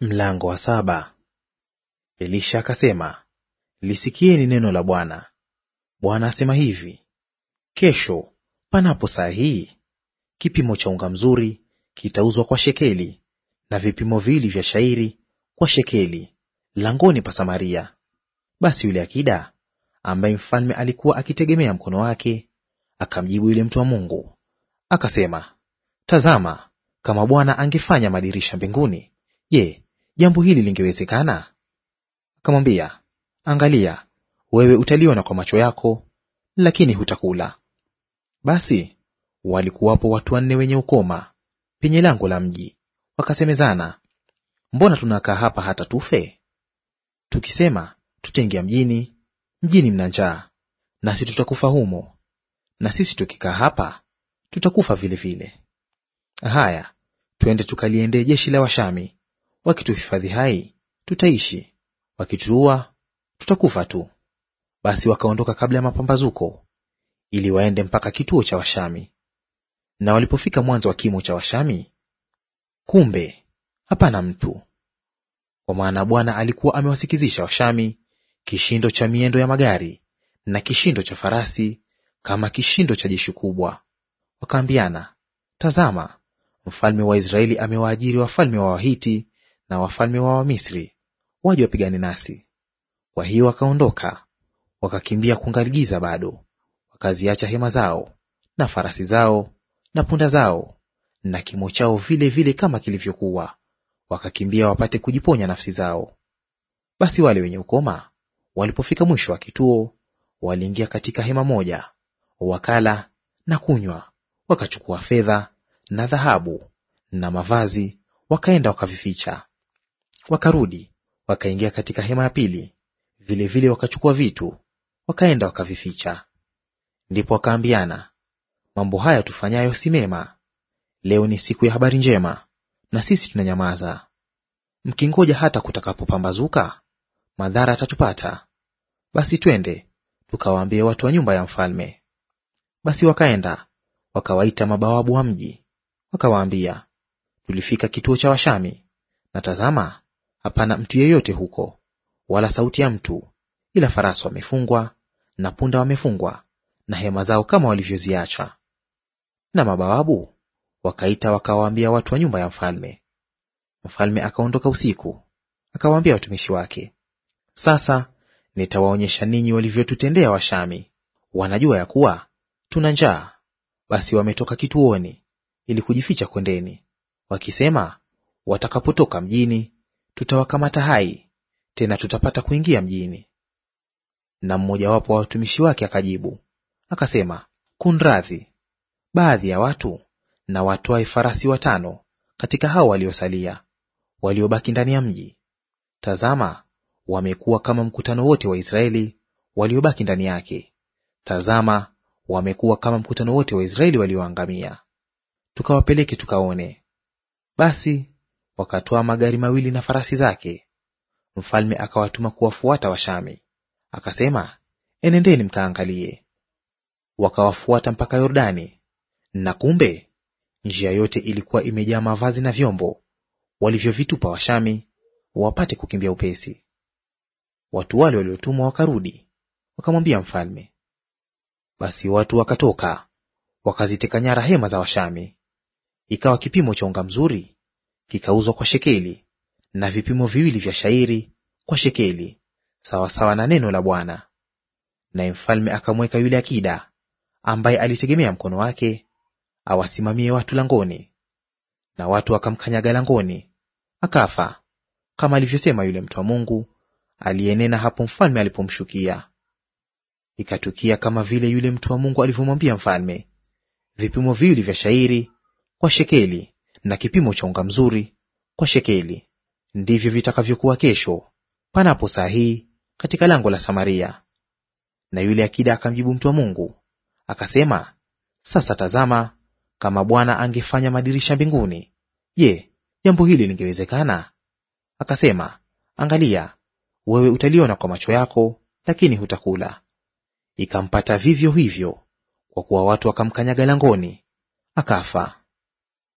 Mlango wa saba. Elisha akasema, lisikieni neno la Bwana. Bwana asema hivi, kesho panapo saa hii kipimo cha unga mzuri kitauzwa kwa shekeli, na vipimo viwili vya shairi kwa shekeli, langoni pa Samaria. Basi yule akida ambaye mfalme alikuwa akitegemea mkono wake, akamjibu yule mtu wa Mungu akasema, tazama, kama Bwana angefanya madirisha mbinguni, je, jambo hili lingewezekana? Akamwambia, angalia, wewe utaliona kwa macho yako, lakini hutakula. Basi walikuwapo watu wanne wenye ukoma penye lango la mji, wakasemezana, mbona tunakaa hapa hata tufe? Tukisema tutaingia mjini, mjini mna njaa, nasi tutakufa humo; na sisi tukikaa hapa tutakufa vilevile. Haya, twende tukaliendee jeshi la Washami, Wakituhifadhi hai, tutaishi; wakituua, tutakufa tu. Basi wakaondoka kabla ya mapambazuko, ili waende mpaka kituo cha Washami. Na walipofika mwanzo wa kimo cha Washami, kumbe hapana mtu, kwa maana Bwana alikuwa amewasikizisha Washami kishindo cha miendo ya magari na kishindo cha farasi, kama kishindo cha jeshi kubwa. Wakaambiana, Tazama, mfalme wa Israeli amewaajiri wafalme wa Wahiti na wafalme wa Wamisri waje wapigane nasi. Kwa hiyo wakaondoka wakakimbia kungali giza bado, wakaziacha hema zao na farasi zao na punda zao na kimo chao vile vile kama kilivyokuwa, wakakimbia wapate kujiponya nafsi zao. Basi wale wenye ukoma walipofika mwisho wa kituo, waliingia katika hema moja, wakala na kunywa, wakachukua fedha na dhahabu na mavazi, wakaenda wakavificha. Wakarudi wakaingia katika hema ya pili, vilevile wakachukua vitu, wakaenda wakavificha. Ndipo wakaambiana, mambo haya tufanyayo si mema; leo ni siku ya habari njema, na sisi tunanyamaza. Mkingoja hata kutakapopambazuka, madhara yatatupata; basi twende tukawaambie watu wa nyumba ya mfalme. Basi wakaenda wakawaita mabawabu wa mji, wakawaambia, tulifika kituo cha Washami, na tazama, hapana mtu yeyote huko, wala sauti ya mtu, ila farasi wamefungwa na punda wamefungwa, na hema zao kama walivyoziacha. Na mabawabu wakaita wakawaambia watu wa nyumba ya mfalme. Mfalme akaondoka usiku, akawaambia watumishi wake, sasa nitawaonyesha ninyi walivyotutendea Washami. Wanajua ya kuwa tuna njaa, basi wametoka kituoni ili kujificha kondeni, wakisema watakapotoka mjini tutawakamata hai, tena tutapata kuingia mjini. Na mmojawapo wa watumishi wake akajibu akasema, kunradhi, baadhi ya watu na watwae farasi watano katika hao waliosalia waliobaki ndani ya mji. Tazama, wamekuwa kama mkutano wote wa Israeli waliobaki ndani yake; tazama, wamekuwa kama mkutano wote wa Israeli walioangamia. Tukawapeleke tukaone. Basi wakatoa magari mawili na farasi zake. Mfalme akawatuma kuwafuata Washami, akasema, enendeni mkaangalie. Wakawafuata mpaka Yordani, na kumbe njia yote ilikuwa imejaa mavazi na vyombo walivyovitupa Washami wapate kukimbia upesi. Watu wale waliotumwa wakarudi wakamwambia mfalme. Basi watu wakatoka wakaziteka nyara hema za Washami, ikawa kipimo cha unga mzuri kikauzwa kwa shekeli, na vipimo viwili vya shairi kwa shekeli, sawasawa na neno la Bwana. Naye mfalme akamweka yule akida ambaye alitegemea mkono wake awasimamie watu langoni, na watu wakamkanyaga langoni, akafa, kama alivyosema yule mtu wa Mungu aliyenena hapo mfalme alipomshukia. Ikatukia kama vile yule mtu wa Mungu alivyomwambia mfalme, vipimo viwili vya shairi kwa shekeli, na kipimo cha unga mzuri kwa shekeli. Ndivyo vitakavyokuwa kesho panapo saa hii katika lango la Samaria. Na yule akida akamjibu mtu wa Mungu akasema, sasa tazama, kama Bwana angefanya madirisha mbinguni, je, jambo hili lingewezekana? Akasema, angalia, wewe utaliona kwa macho yako, lakini hutakula. Ikampata vivyo hivyo, kwa kuwa watu wakamkanyaga langoni, akafa.